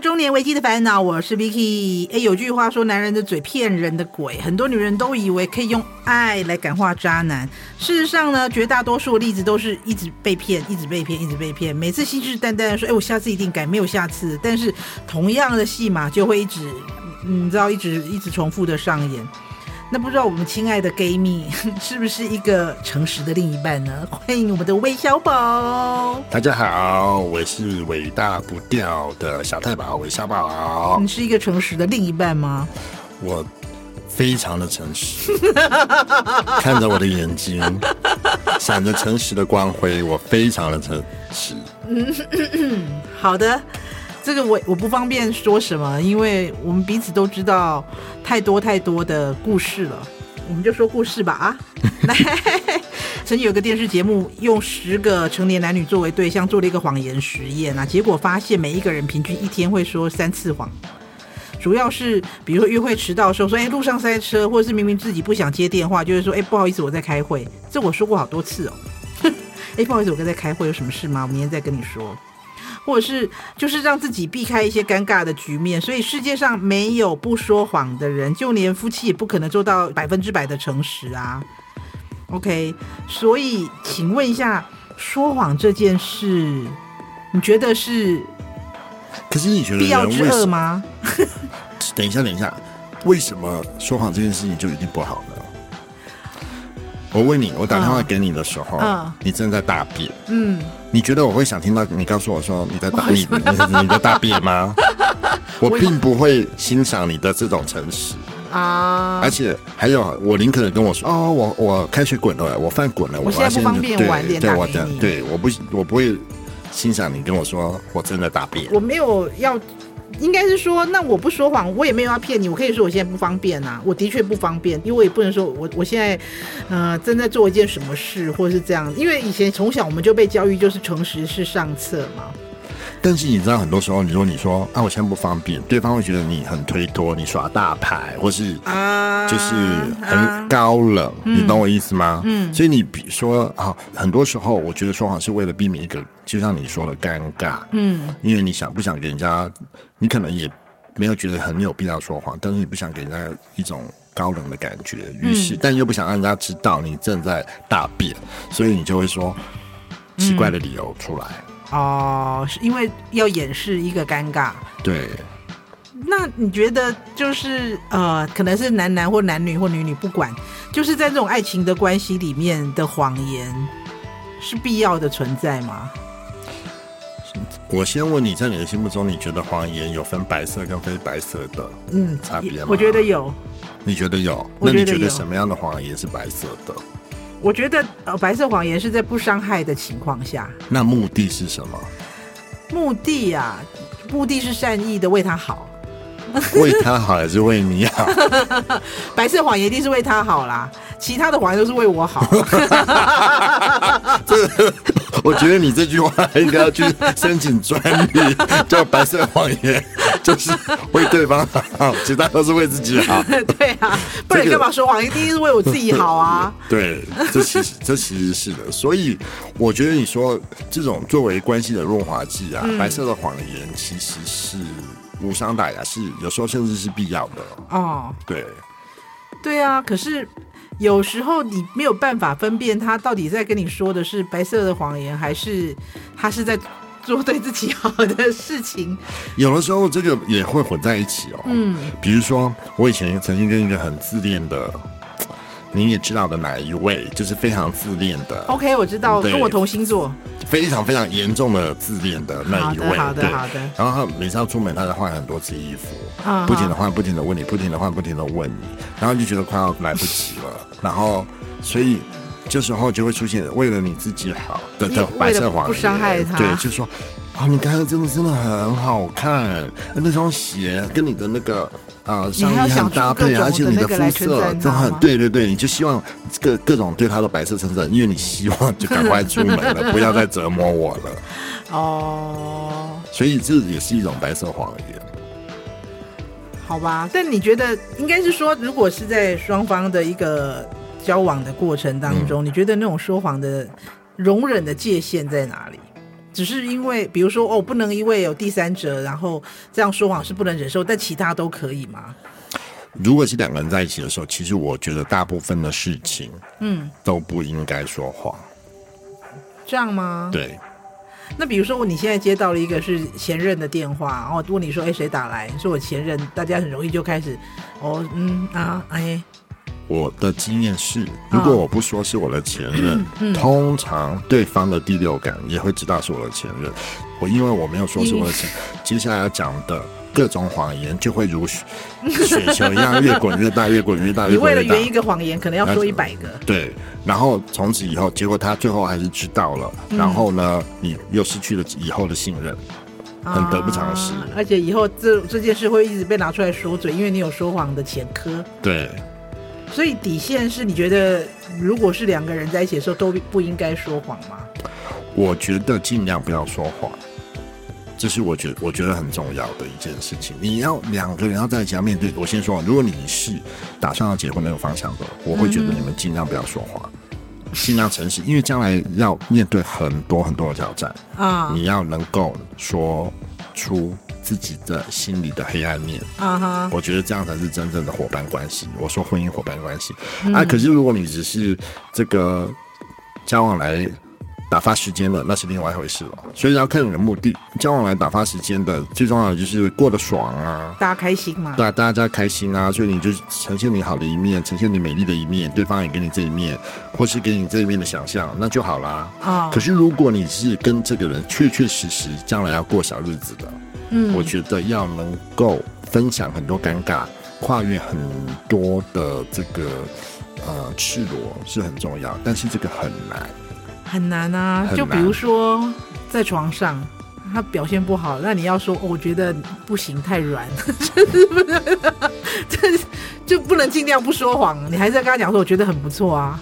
中年危機的煩惱，我是 Vicky。哎，有句話說，男人的嘴騙人的鬼。很多女人都以為可以用愛來感化渣男，事實上呢，絕大多數的例子都是一直被騙，一直被騙，一直被騙。每次信誓旦旦的說，哎，我下次一定改，沒有下次。但是同樣的戲碼就會一直，你知道，一直一直重複的上演。那不知道我們親愛的 Gay 蜜是不是一個誠實的另一半呢？歡迎我們的魏小寶。大家好，我是偉大不掉的小太保韋小寶。你是一個誠實的另一半嗎？我非常的誠實， 看着我的眼睛， 閃着誠實的光輝。我非常的誠實。嗯嗯嗯，好的，這個我我不方便說什麼，因為我們彼此都知道。太多太多的故事了，我們就說故事吧啊！來， 曾經有個電視節目用十個成年男女作為對象，做了一個謊言實驗啊，結果發現每一個人平均一天會說三次謊，主要是比如說約會遲到的時候說哎、欸、路上塞車，或者是明明自己不想接電話，就是說哎、欸，不好意思我在開會，這我說過好多次哦，哼、 欸，哎不好意思我剛在開會，有什麼事嗎？我明天再跟你說。或者是就是讓自己避開一些尷尬的局面，所以世界上沒有不說謊的人，就連夫妻也不可能做到百分之百的誠實啊。OK，所以請問一下，說謊這件事，你覺得是？ 可是你覺得必要之惡嗎？等一下，等一下，為什麼說謊這件事情就已經不好呢？我問你，我打電話給你的時候，哦哦、你正在大便。嗯。你覺得我會想聽到你告訴我說你在大你你的大便嗎？我並不會欣賞你的這種誠實啊！而且還有，我寧可跟我說哦、oh，我我開水滾了，我飯滾了，我，發現我現在不方便晚對，對，對，我不我不會欣賞你跟我說我真的大便，我沒有要。應該是說，那我不說謊，我也沒有要騙你，我可以說我現在不方便啊，我的確不方便，因為我也不能說我我現在，嗯，呃，正在做一件什麼事，或者是這樣，因為以前從小我們就被教育，就是誠實是上策嘛。但是你知道，很多時候你說你說啊，我現在不方便，對方會覺得你很推脫，你耍大牌，或是啊。就是很高冷，嗯、你懂我意思嗎？嗯，所以你比說啊，很多時候我覺得說謊是為了避免一個，就像你說的尷尬，嗯，因為你想不想給人家，你可能也沒有覺得很有必要說謊，但是你不想給人家一種高冷的感覺，嗯、於是但又不想讓人家知道你正在大便，所以你就會說奇怪的理由出來。嗯、哦，是因為要掩飾一個尷尬，對。那你覺得就是呃，可能是男男或男女或女女，不管，就是在這種愛情的關係裡面的謊言，是必要的存在嗎？我先問你在你的心目中，你覺得謊言有分白色跟非白色的？嗯，差別嗎？我覺得有。你覺得有？得有，那你覺得什麼樣的謊言是白色的？我覺得，我覺得呃，白色謊言是在不傷害的情況下。那目的是什麼？目的呀，目的是善意的，為他好。為他好還是為你好？ 白色謊言一定是為他好啦，其他的謊言都是為我好，啊。 這個，我覺得你這句話應該要去申請專利，叫白色謊言，就是為對方好，其他都是為自己好。 對啊，不然幹嘛說謊言？這個，一定是為我自己好啊。 對，這其實這其實是的。所以我覺得你說這種作為關係的潤滑劑啊，嗯、白色的謊言其實是。無傷大雅是，有時候甚至是必要的。哦，對，對啊。可是有時候你沒有辦法分辨他到底在跟你說的是白色的謊言，還是他是在做對自己好的事情。有的時候這個也會混在一起哦。嗯，比如說我以前曾經跟一個很自戀的。你也知道的哪一位，就是非常自戀的。OK，我知道，對跟我同星座，非常非常嚴重的自戀的那一位。好的，好的，對好的，然後他每次要出門，他要換很多次衣服，的不停的換，不停的問你，不停的換，不停的問你，然後就覺得快要來不及了。 然後所以這時候就會出現為了你自己好的白色謊言，為了不傷害他。對，就是說。哦、你看的真的真的很好看，欸，那雙鞋跟你的那個啊、呃、上衣很搭配，啊，而且你的膚色真的很……對對對，你就希望各各種對他的白色襯衫， 因為你希望就趕快出門了， 不要再折磨我了。哦、uh，所以這也是一種白色謊言。好吧，但你覺得應該是說，如果是在雙方的一個交往的過程當中，嗯，你覺得那種說謊的容忍的界限在哪裡？只是因為，比如說，哦，不能因為有第三者，然後這樣說謊是不能忍受，但其他都可以嗎？如果是兩個人在一起的時候，其實我覺得大部分的事情，嗯，都不應該說謊。嗯、這樣嗎？對。那比如說，你現在接到了一個是前任的電話，然後問你說：“哎，誰打來？”說：“我前任。”大家很容易就開始，哦，嗯啊，哎。我的經驗是，如果我不說是我的前任，啊嗯嗯、通常對方的第六感也會知道是我的前任。我因為我沒有說是我的前任、嗯、接下來要講的各種謊言就會如雪球一樣越滾越、越、越、越、越大，越滾越大。你為了圓一個謊言，可能要說一百個。對，然後從此以後，結果他最後還是知道了。然後呢，嗯、你又失去了以後的信任，很得不償失、啊。而且以後這這件事會一直被拿出來說嘴，因為你有說謊的前科。對。所以底線是你覺得，如果是兩個人在一起的時候都不應該說謊嗎？我覺得盡量不要說謊，這是我覺我覺得很重要的一件事情。你要兩個人要在一起要面對，我先說，如果你是打算要結婚那個方向的，我會覺得你們盡量不要說謊，嗯哼，盡量誠實，因為將來要面對很多很多的挑戰啊，嗯、你要能夠說出。自己的心裡的黑暗面啊，uh huh. 我覺得這樣才是真正的夥伴關係。我說婚姻夥伴關係、嗯、啊，可是如果你只是這個交往來打發時間了，那是另外一回事了。所以要看你的目的，交往來打發時間的最重要的就是過得爽啊，大家開心嘛，對，大家開心啊，所以你就呈現你好的一面，呈現你美麗的一面，對方也給你這一面，或是給你這一面的想象，那就好啦。啊，oh. 可是如果你是跟這個人確確實實將來要過小日子的。嗯，我覺得要能夠分享很多尷尬，跨越很多的這個呃赤裸是很重要，但是這個很難，很難啊。難就比如說在床上，他表現不好，那你要說，哦，我覺得不行，太軟，真是不能，就不能盡量不說謊，你還是要跟他講說，我覺得很不錯啊。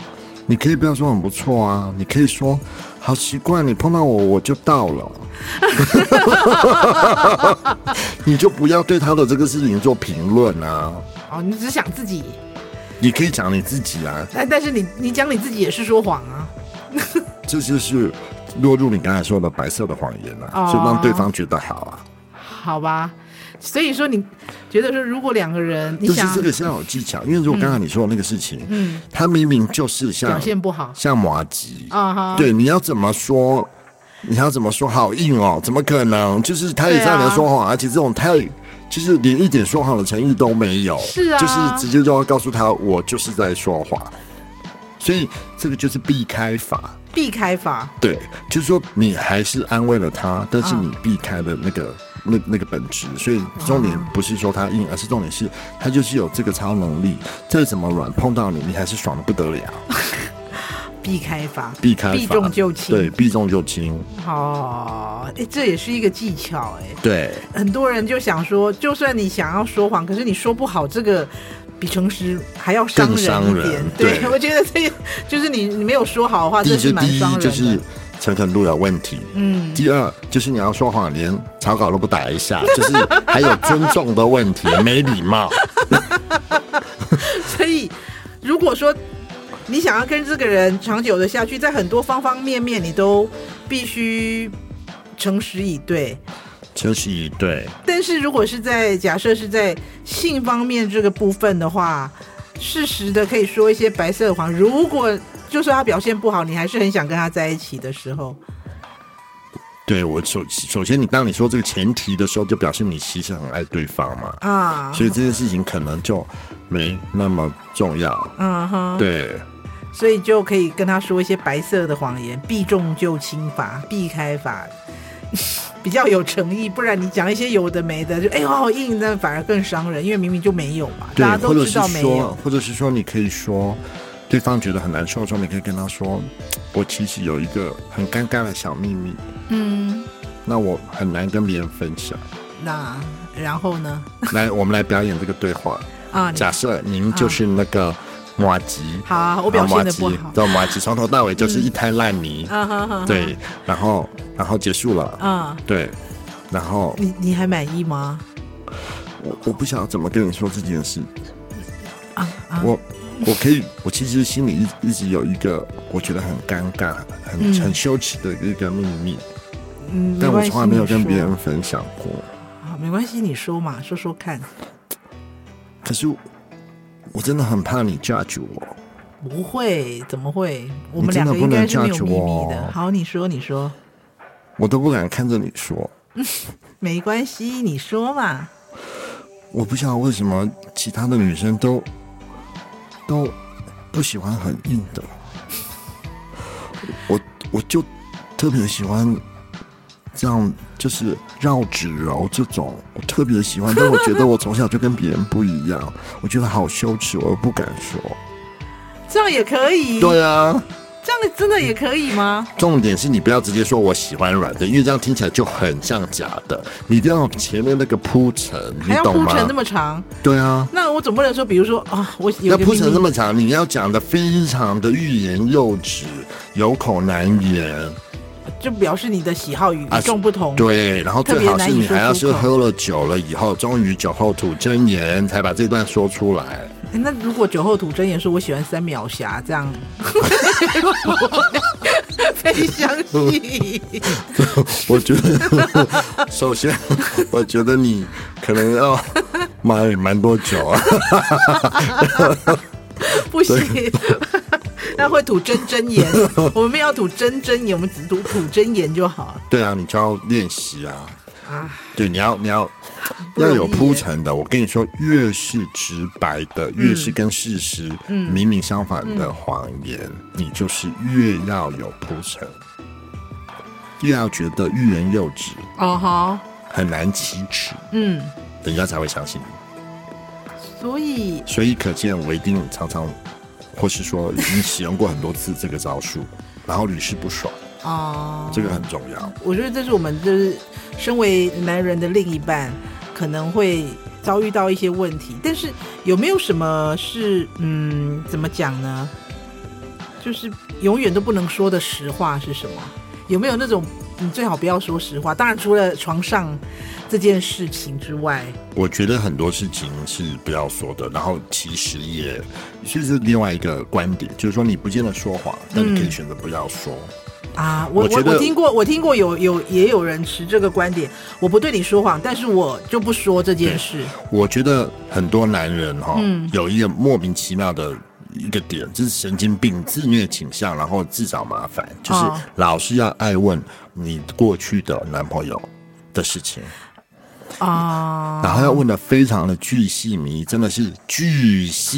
你可以不要說很不錯啊，你可以說好奇怪。你碰到我我就到了。 你就不要對他的這個事情做評論啊。哦，你只想自己，你可以講你自己啊。但但是你你講你自己也是說謊啊， 這就是落入你剛才說的白色的謊言啊，就、哦啊、讓對方覺得好啊。好吧。所以說，你覺得說，如果兩個人，你想就是這個是要有技巧，嗯、因為如果剛剛你說的那個事情，嗯，他、嗯、明明就是像表現不好，像麻吉，啊、uh，huh、對，你要怎麼說？你要怎麼說？好硬哦，怎麼可能？就是他也在說謊，啊、而且這種他就是連一點說謊的誠意都沒有，是啊，就是直接就要告訴他，我就是在說謊。所以這個就是避開法，避開法，對，就是說你還是安慰了他，但是你避開了那個。Uh. 那那個本質，所以重點不是說他硬，哦、而是重點是他就是有這個超能力。這怎麼軟？碰到你，你還是爽的不得了。 避開法發，避開，避重就輕，對，避重就輕。哦，哎、欸，這也是一個技巧哎，、欸。對，很多人就想說，就算你想要說謊，可是你說不好，這個比誠實還要傷人一點。對，對，我覺得這，就是你你沒有說好的話，一這是蠻傷人的。就是誠懇度有問題。嗯，第二就是你要說謊，連草稿都不打一下，就是還有尊重的問題， 沒禮禮貌。 所以，如果說你想要跟這個人長久的下去，在很多方方面面，你都必須誠實以對。誠實以對。但是如果是在假設是在性方面這個部分的話，適時的可以說一些白色的謊。如果就算他表現不好，你還是很想跟他在一起的時候。對我首首先，你當你說這個前提的時候，就表示你其實很愛對方嘛。啊，所以這件事情可能就沒那麼重要。嗯哼，對，所以就可以跟他說一些白色的謊言，避重就輕法，避開法，比較有誠意。不然你講一些有的沒的，就哎呦、欸、好，好硬，那反而更傷人，因為明明就沒有嘛。對，大家都知道沒有，或者是說，或者是說你可以說。對方覺得很難受的時候，你可以跟他說：“我其實有一個很尷尬的小秘密，嗯，那我很難跟別人分享。那然後呢？來，我們來表演這個對話啊！假設您就是那個麻糬，好，我表現得不好，對，麻糬從頭到尾就是一灘爛泥，對，然後然後結束了，嗯，對，然後你你還滿意嗎？我我不想怎麼跟你說這件事啊，我。 我可以，我其實心裡一直一直有一個我覺得很尷尬、很、嗯、很羞恥的一個秘密，嗯，但我從來沒有跟別人分享過。好，沒關係，你說嘛，說說看。可是我真的很怕你 judge 我。不會，怎麼會？我們兩個應該是沒有秘密的，好，你說，你說。我都不敢看着你說。沒關係，你說嘛。我不知道為什麼其他的女生都。都不喜歡很硬的。我我就特別喜歡這樣，就是繞指柔、哦、這種，我特別喜歡。但我覺得我從小就跟別人不一樣，我覺得好羞恥，我又不敢說。這樣也可以。對啊。這樣真的也可以嗎？重點是你不要直接說我喜歡軟的，因為這樣聽起來就很像假的。你一定要前面那個鋪陳，你懂嗎？鋪陳、啊、那麼長？對啊。那我總不能說，比如說啊、哦，我有。鋪陳那鋪陳這麼長，你要講的非常的欲言又止，有口難言，就表示你的喜好與眾不同、啊。對，然後最好是你還要是喝了酒了以後，終於酒後吐真言，才把這段說出來。那如果酒後吐真言，說我喜歡三秒俠，這樣，我才相信。我覺得，首先，我覺得你可能要買蠻多酒啊 。不行，對 那會吐真真言。 我們沒有要吐真真言，我們只吐吐真言就好了。對啊，你就要練習啊。啊， 對，你要你要要有鋪陳的。我跟你說，越是直白的，越是跟事實明明相反的謊言，嗯嗯、你就是越要有鋪陳，越要覺得欲言又止。哦哈、嗯，很難啟齒。嗯，人家才會相信你。所以，所以可見我一定常常，或是說已經使用過很多次這個招數， 然後屢試不爽。哦，嗯，這個很重要。我覺得這是我們就是身為男人的另一半，可能會遭遇到一些問題。但是有沒有什麼是嗯，怎麼講呢？就是永遠都不能說的實話是什麼？有沒有那種你最好不要說實話？當然，除了床上這件事情之外，我覺得很多事情是不要說的。然後其實也其實是另外一個觀點，就是說你不見得說謊，但你可以選擇不要說。嗯啊，我我我，我聽過，我聽過有有也有人持這個觀點，我不對你說謊，但是我就不說這件事。我覺得很多男人哈、哦，嗯、有一個莫名其妙的一個點，就是神經病、自虐傾向，然後自找麻煩，就是老是要愛問你過去的男朋友的事情啊，嗯、然後要問得非常的巨細靡遺，真的是巨細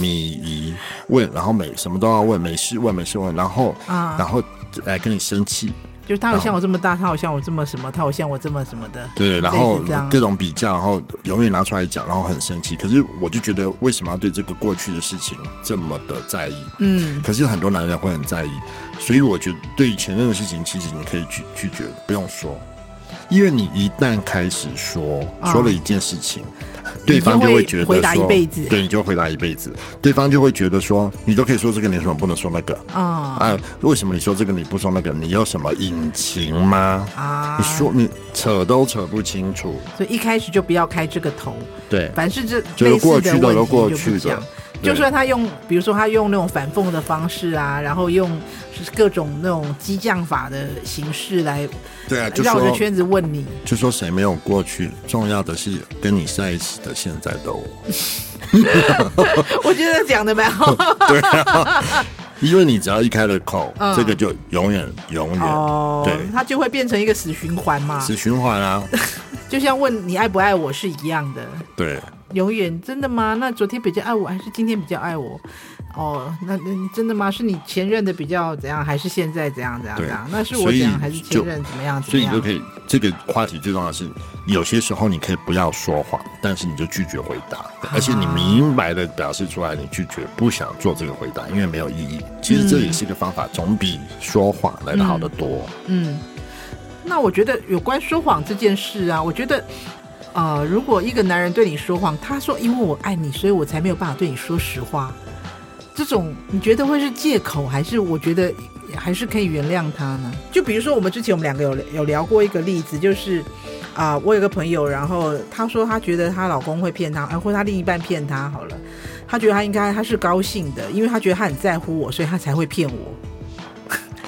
靡遺。 問，然後每什麼都要問，沒事問沒事問，沒事問，然後啊，然後。來跟你生氣，就是他好像我這麼大，嗯、他好像我這麼什麼，他好像我這麼什麼的。對，然後這各種比較，然後永遠拿出來講，然後很生氣。可是我就覺得，為什麼要對這個過去的事情這麼的在意？嗯。可是很多男人會很在意，所以我覺得對前任的事情，其實你可以拒拒絕，不用說，因為你一旦開始說、嗯、說了一件事情。對方就會覺得說，對，你就回答一輩子。對方就會覺得說，你都可以說這個，你為什麼不能說那個？啊、嗯，啊，為什麼你說這個你不說那個？你有什麼隱情嗎？啊，你說你扯都扯不清楚。所以一開始就不要開這個頭。對，凡是這，就過去的都過去的。就算他用，比如說他用那種反諷的方式啊，然後用各種那種激將法的形式來，對啊，繞着圈子問你，就說誰沒有過去？重要的是跟你在一起的現在的我。我覺得講的蠻好，對啊，因為你只要一開了口，這個就永遠永遠，哦對，它就會變成一個死循環嘛，死循環啊，就像問你愛不愛我是一樣的，對。永遠，真的嗎？那昨天比較愛我還是今天比較愛我？哦，那那真的嗎？是你前任的比較怎樣，還是現在怎樣怎樣對怎樣？那是我怎樣還是前任怎麼樣，怎樣？所以你就可以，這個話題最重要是，有些時候你可以不要說謊，但是你就拒絕回答，啊、而且你明白的表示出來，你拒絕不想做這個回答，因為沒有意義。其實這也是一個方法，嗯、總比說謊來的好得多嗯。嗯，那我覺得有關說謊這件事啊，我覺得。呃，如果一個男人對你說謊，他說因為我愛你，所以我才沒有辦法對你說實話，這種你覺得會是借口，還是我覺得還是可以原諒他呢？就比如說我們之前我們兩個有有聊過一個例子，就是啊、呃，我有個朋友，然後他說他覺得他老公會騙他，啊，或他另一半騙他好了，他覺得他應該他是高興的，因為他覺得他很在乎我，所以他才會騙我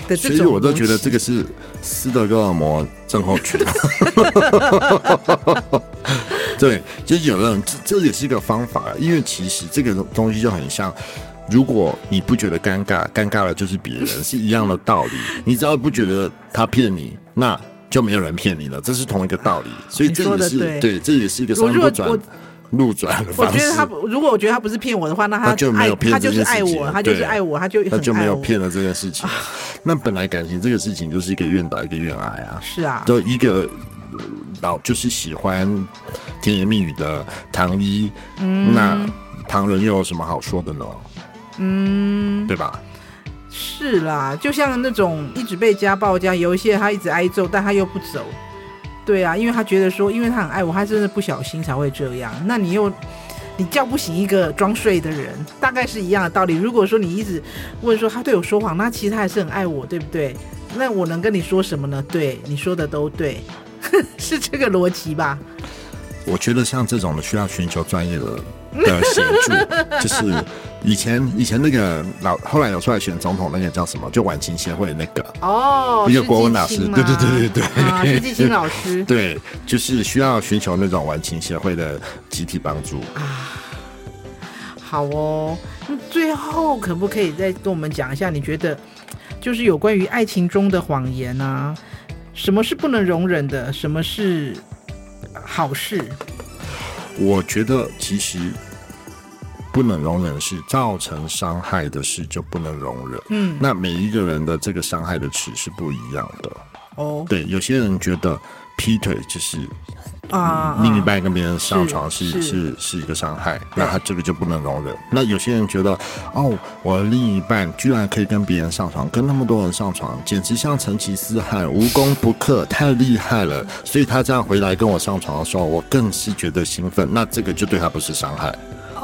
的，這種，其實我都覺得這個是。斯德哥爾摩症候群， 對，就是有那種這，這也是一個方法，因為其實這個東西就很像，如果你不覺得尷尬，尷尬的就是別人，是一樣的道理。你只要不覺得他騙你，那就沒有人騙你了，這是同一個道理。所以這也是對，對，這也是一個生活轉，路轉，我覺得他如果我覺得他不是騙我的話，那他就沒有騙。他就，我他就是愛我，他就是愛我，他就他就沒有騙了這件事情。那本來感情這個事情就是一個願打一個願挨啊，是啊，就一個老就是喜歡甜言蜜語的唐一，嗯，那唐人又有什麼好說的呢？嗯，對吧？是啦，就像那種一直被家暴這樣，有一些他一直挨揍，但他又不走。對啊，因為他覺得說，因為他很愛我，他真的不小心才會這樣。那你又，你叫不醒一個裝睡的人，大概是一樣的道理。如果說你一直問說他對我說謊，那其實他還是很愛我，對不對？那我能跟你說什麼呢？對，你說的都對， 是這個邏輯吧？我覺得像這種的需要尋求專業的的協助， 就是。以前以前那個老，後來有出來選總統那個叫什麼？就晚晴協會那個哦，一個國文老師，啊、對對對對對，施寄青老師， 對，就是需要尋求那種晚晴協會的集體幫助啊。好哦，那最後可不可以再跟我們講一下？你覺得就是有關於愛情中的謊言啊，什麼是不能容忍的？什麼是好事？我覺得其實。不能容忍是造成傷害的事，就不能容忍。嗯，那每一個人的這個傷害的尺是不一樣的。哦，對，有些人覺得劈腿就是、嗯、啊、啊，另一半跟別人上床是是是、是是一個傷害，是那他這個就不能容忍。嗯、那有些人覺得哦，我的另一半居然可以跟別人上床，跟那麼多人上床，簡直像成吉思汗無攻不克，太厲害了。是所以他這樣回來跟我上床的時候，我更是覺得興奮。那這個就對他不是傷害。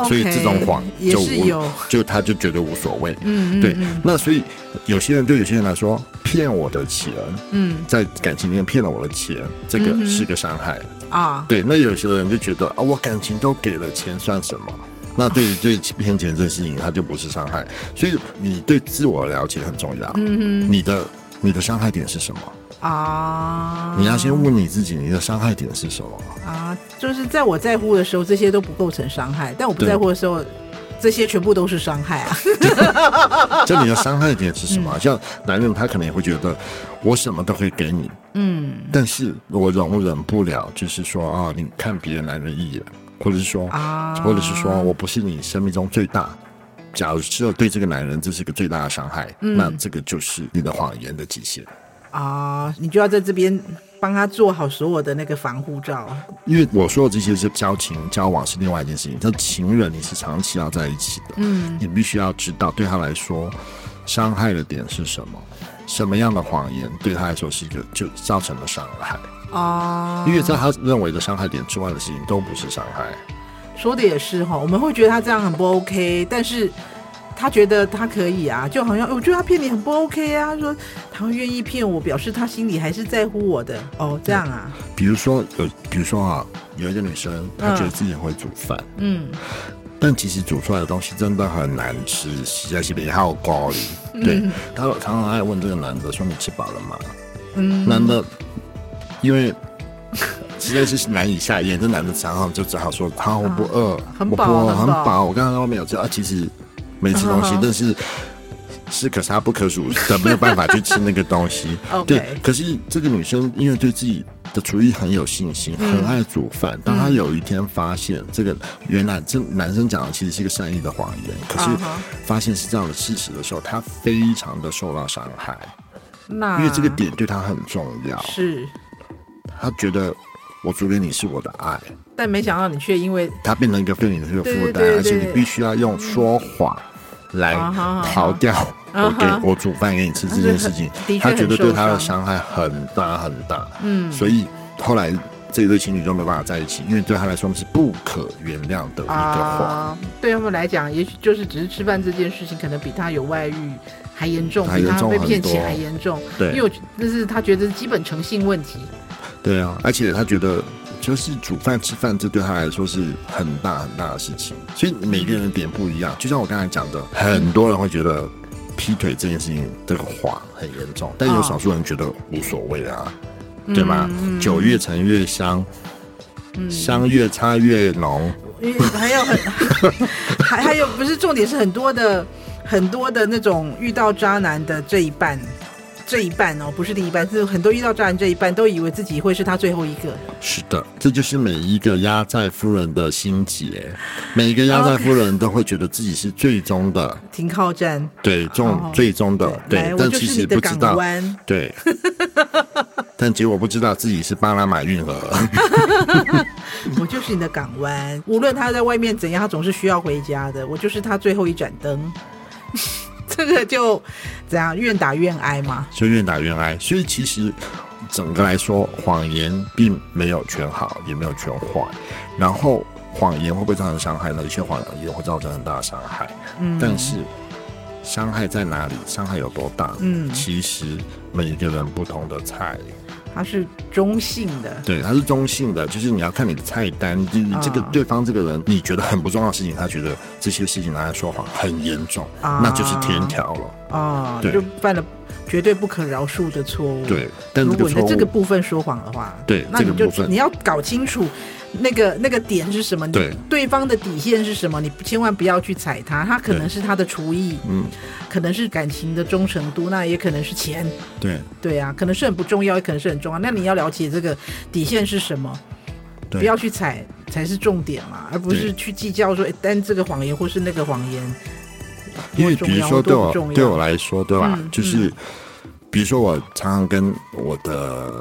Okay, 所以這種謊就無，就他就覺得無所謂。嗯，嗯嗯，對。那所以有些人對有些人來說，騙我的錢，嗯，在感情裡面騙了我的錢，這個是個傷害啊。嗯哼，對，那有些人就覺得啊，我感情都給了錢算什麼？啊、那對對騙錢這事情，他就不是傷害。所以你對自我了解很重要。嗯哼，你的你的傷害點是什麼？啊！Uh, 你要先問你自己，你的傷害點是什麼？啊，uh, 就是在我在乎的時候，這些都不構成傷害；但我不在乎的時候，對這些全部都是傷害啊！就 你的傷害點是什麼？嗯、像男人，他可能也會覺得我什麼都可以給你，嗯，但是我容忍，忍不了，就是說啊，你看別的男人一眼，或者是說，uh, 或者是說我不是你生命中最大。假如說對這個男人這是個最大的傷害，嗯、那這個就是你的謊言的極限。啊，uh, 你就要在這邊幫他做好所有的那個防護罩。因為我說的這些是交情、交往，是另外一件事情。他情人你是長期要在一起的，嗯，你必須要知道對他來說傷害的點是什麼，什麼樣的謊言對他來說是一個就造成了傷害啊。Uh, 因為在他認為的傷害點之外的事情都不是傷害。說的也是哈，我們會覺得他這樣很不 OK，但是，他覺得他可以啊，就好像我覺得他騙你很不 OK 啊。他說他會願意騙我，表示他心裡還是在乎我的。哦、oh, 對，這樣啊。比如說有，比如說啊，有一個女生，她覺得自己會煮飯，嗯，但其實煮出來的東西真的很難吃，實在是比較高。對，她、嗯、常常愛問這個男的說：“你吃飽了嗎？”嗯，男的因為實在是難以下嚥，這 男的然後就只好說：“他、啊、我不餓，很飽飽，我很飽飽。很飽”我剛剛在外面有吃啊，其實。沒吃東西，uh huh. 但是是可殺不可辱的，沒有辦法去吃那個東西。 Okay. 對，可是這個女生因為對自己的廚藝很有信心，嗯、很愛煮飯。當她有一天發現這個，嗯、原來這男生講的其實是一個善意的謊言，可是發現是這樣的事實的時候，她非常的受到傷害。那、uh huh. 因為這個點對她很重要，是那她覺得我煮給你是我的愛，但沒想到你卻因為她變成一個對你的一個負擔，對對對對對，而且你必須要用說謊。嗯來逃掉，我給我煮飯給你吃這件事情，他覺得對他的傷害很大很大。嗯，所以後來這對情侶就沒辦法在一起，因為對他來說是不可原諒的一個話。對他們來講，也許就是只是吃飯這件事情，可能比他有外遇還嚴重，比他被騙錢還嚴重。對，因為那是他覺得基本誠信問題。對啊，而且他覺得。就是煮飯吃飯，這對他來說是很大很大的事情。所以每個人的點不一樣。就像我剛才講的，很多人會覺得劈腿這件事情這個謊很嚴重，但有少數人覺得無所謂啊，對嗎？酒越陳越香，香越差越濃。還還有很還還有不是重點是很多的很多的那種遇到渣男的這一半。這一半哦，不是另一半，是很多遇到渣人這一半都以為自己會是他最後一個。是的，這就是每一個壓寨夫人的心結，每一個壓寨夫人都會覺得自己是最終的停靠站。對，中最終的對，但其實不知道。我港灣。對， 但結果不知道自己是巴拿馬運河。 我就是你的港灣，無論他在外面怎樣，他總是需要回家的。我就是他最後一盞燈。 這個就怎樣，願打願挨嘛，就願打願挨。所以其實整個來說，謊言並沒有全好，也沒有全壞。然後謊言會不會造成傷害呢？有些謊言也會造成很大的傷害。嗯，但是傷害在哪裡？傷害有多大？嗯，其實每一個人不同的菜。它是中性的，對，它是中性的，就是你要看你的菜單，就是這個對方這個人，你覺得很不重要的事情，他覺得這些事情拿來說謊很嚴重，啊、那就是天條了，啊、哦，對就犯了絕對不可饒恕的錯誤，對，但如果你這個部分說謊的話，對，那你就這個部分你要搞清楚。那個那個點是什麼？對，你對方的底線是什麼？你千萬不要去踩他。他可能是他的廚藝，嗯，可能是感情的忠誠度，那也可能是錢，對對啊，可能是很不重要，也可能是很重要。那你要了解這個底線是什麼，對不要去踩才是重點嘛，而不是去計較說，哎對，但這個謊言或是那個謊言，因為比如說對對我來說，對吧？嗯、就是。嗯比如說，我常常跟我的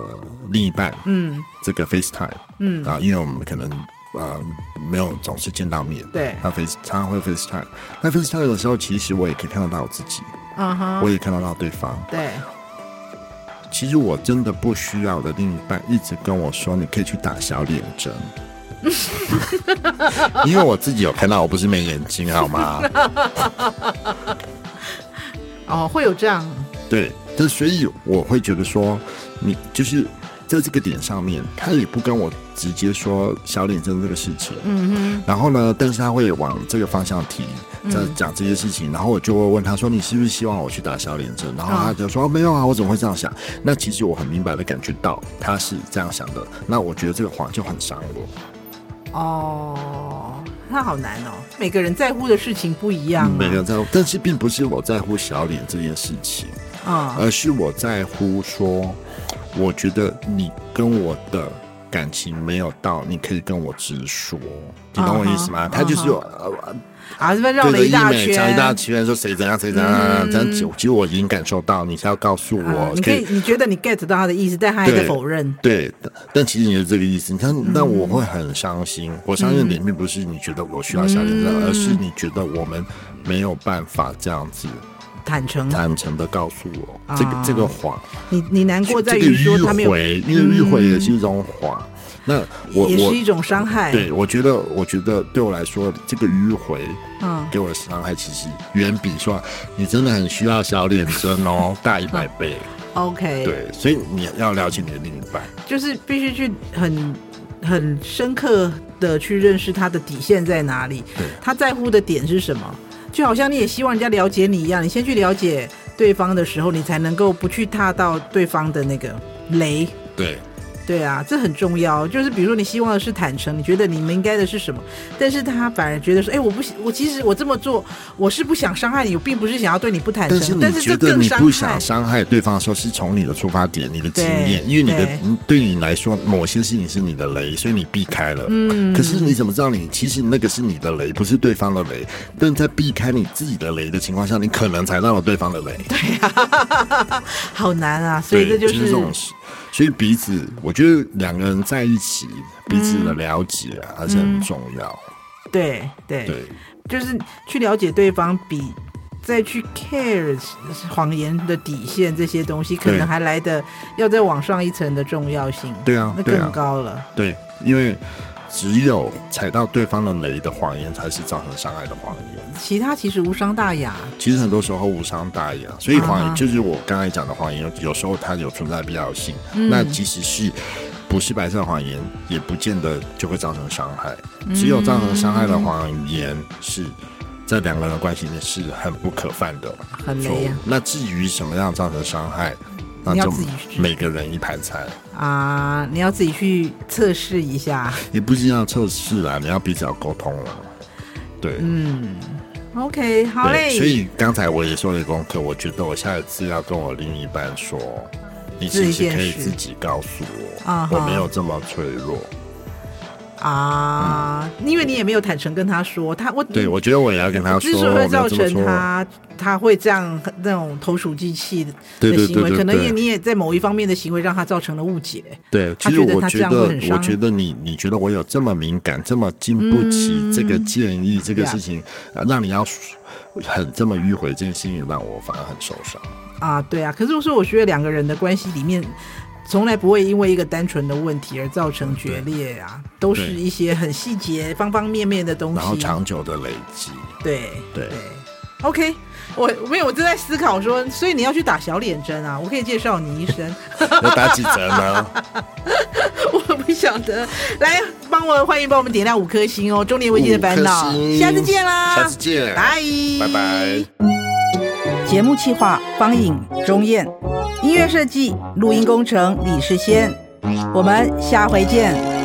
另一半，嗯，這個 FaceTime，嗯，啊，因為我們可能啊、呃、沒有總是見到面，對，Face, 常常會 FaceTime，那 FaceTime 的時候其實我也可以看得到，到我自己，啊哈、uh，huh, 我也看得到，到對方，對。其實我真的不需要我的另一半一直跟我說，你可以去打小臉針，因為我自己有看到，我不是沒眼睛好嗎？ 哦，會有這樣，對。所以我會覺得說，你就是在這個點上面，他也不跟我直接說小臉針這個事情。嗯嗯哼。然後呢，但是他會往這個方向提，在講這些事情，嗯、然後我就會問他說：“你是不是希望我去打小臉針？”然後他就說、嗯哦：“沒有啊，我怎麼會這樣想？”那其實我很明白的感覺到他是這樣想的。那我覺得這個謊就很傷我。哦，那好難哦。每個人在乎的事情不一樣、啊，每個人在乎，但是並不是我在乎小臉這件事情。啊！而是我在乎說，我覺得你跟我的感情沒有到，你可以跟我直說，你懂我意思嗎？他就是說啊，這邊繞了一大圈，一大圈說誰怎樣誰怎樣這樣子，其實我已經感受到你是要告訴我，你可以你覺得你 get 到他的意思，但他還在否認。對，但其實你是這個意思。你看，那我會很傷心。我相信你並不是你覺得我需要小林子，而是你覺得我們沒有辦法這樣子。坦誠坦誠的告訴我、啊、這個這個謊，你你難過在於說他沒有回，因為迂回也是一種謊，嗯、那我也是一種傷害。我對我覺得，我覺得對我來說，這個迂回，嗯，給我的傷害其實遠比說你真的很需要小臉針哦大一百倍。OK，對，所以你要了解你的另一半，就是必須去很很深刻的去認識他的底線在哪裡，對，他在乎的點是什麼。就好像你也希望人家了解你一樣，你先去了解對方的時候，你才能夠不去踏到對方的那個雷。對。對啊，這很重要。就是比如說，你希望的是坦誠，你覺得你們應該的是什麼？但是他反而覺得說，哎，我不，我其實我這麼做，我是不想傷害你，我並不是想要對你不坦誠。但是你覺得你不想傷害對方的時候，是從你的出發點、你的經驗，對因為你的對，對你來說，某些事情是你的雷，所以你避開了。嗯。可是你怎麼知道你其實那個是你的雷，不是對方的雷？但在避開你自己的雷的情況下，你可能踩到了對方的雷。對呀，啊，好難啊！所以這就是。所以彼此，我覺得兩個人在一起，彼此的了解、啊嗯、還是很重要。對對、嗯、對，對對就是去了解對方，比再去 care 謊言的底線這些東西，可能還來得要再往上一層的重要性。對啊，那更高了。對，啊、對，因為。只有踩到對方的雷的謊言，才是造成傷害的謊言。其他其實無傷大雅。其實很多時候無傷大雅，所以謊言、啊、哈就是我剛才講的謊言，有時候它有存在必要性。嗯、那即使是不是白色謊言，也不見得就會造成傷害。只有造成傷害的謊言是，是、嗯、在兩個人的關係裡面是很不可犯的，很、啊、那至於什麼樣造成傷害？你要自己去每個人一盤菜啊！你要自己去測試一下。也不是要測試啦，你要彼此溝通啦。對，嗯，OK，好嘞。所以剛才我也做了功課，我覺得我下一次要跟我另一半說，你其實可以自己告訴我，uh huh、我沒有這麼脆弱。啊，嗯、因為你也沒有坦誠跟他說，他我對我覺得我也要跟他說，我之所以會造成他，他會這樣那種投鼠忌器的行為，對對對對，可能也你也在某一方面的行為讓他造成了誤解。對，他覺得他這樣會很，我覺得你你覺得我有這麼敏感，這麼經不起這個建議，嗯、這個事情、啊、讓你要很這麼迂回，這件、個、事情讓我反而很受傷。啊，對啊，可是我說，我覺得兩個人的關係裡面。從來不會因為一個單純的問題而造成決裂啊，對都是一些很細節、對方方面面的東西、啊，然後長久的累積。對對對，OK，我沒有，我正在思考說，所以你要去打小臉針啊？我可以介紹你醫生。要 打幾針呢？ 我不曉得。來，幫我歡迎，幫我們點亮五顆星哦、喔！中年危機的煩惱，下次見啦！下次見，拜拜 Bye。Bye bye 節目計劃方穎、鍾燕，音樂設計、錄音工程李世先，我們下回見。